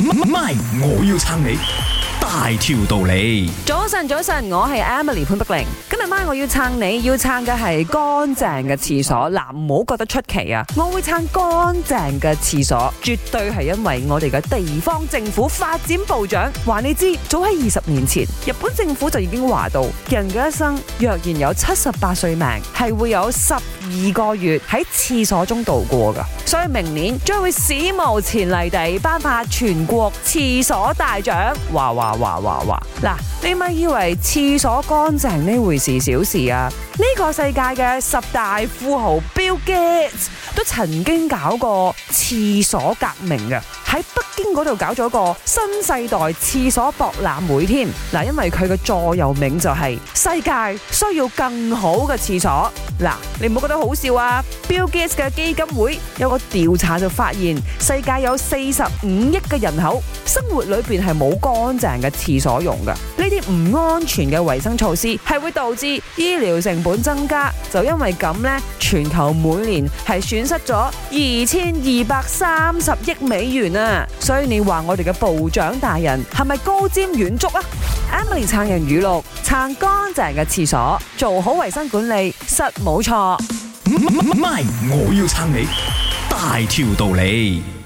咪我,我要撐你大條道理。早晨，早晨，我係 Emily 潘碧玲。今日晚我要撐你，要撐嘅係乾淨嘅廁所。嗱、啊，唔好覺得出奇啊！我會撐乾淨嘅廁所，絕對係因為我哋嘅地方政府發展部長話你知，早喺二十年前，日本政府就已經話到，人嘅一生若然有七十八歲命，係會有十。二個月喺廁所中度過噶，所以明年將會史無前例地頒發全國廁所大獎。嘩嘩嘩嘩嘩！嗱，你咪以為廁所乾淨呢回事小事啊？呢個世界嘅十大富豪 Bill Gates 都曾經搞過廁所革命嘅，喺北京嗰度搞咗個新世代廁所博覽會添。嗱，因為佢嘅座右銘就係世界需要更好嘅廁所。嗱，你唔好覺得好笑啊！Bill Gates 嘅基金會有個調查就發現，世界有四十五億嘅人口生活裏邊係冇乾淨嘅廁所用㗎，呢啲唔安全嘅衛生措施係會導致醫療成本增加，就因為咁呢，全球每年係損失咗二千二百三十億美元啊！所以你話我哋嘅部長大人係咪高瞻遠矚啊？Emily 撐人語錄，撐乾淨嘅廁所，做好衛生管理，實冇錯。唔係，我要撐你，大條道理。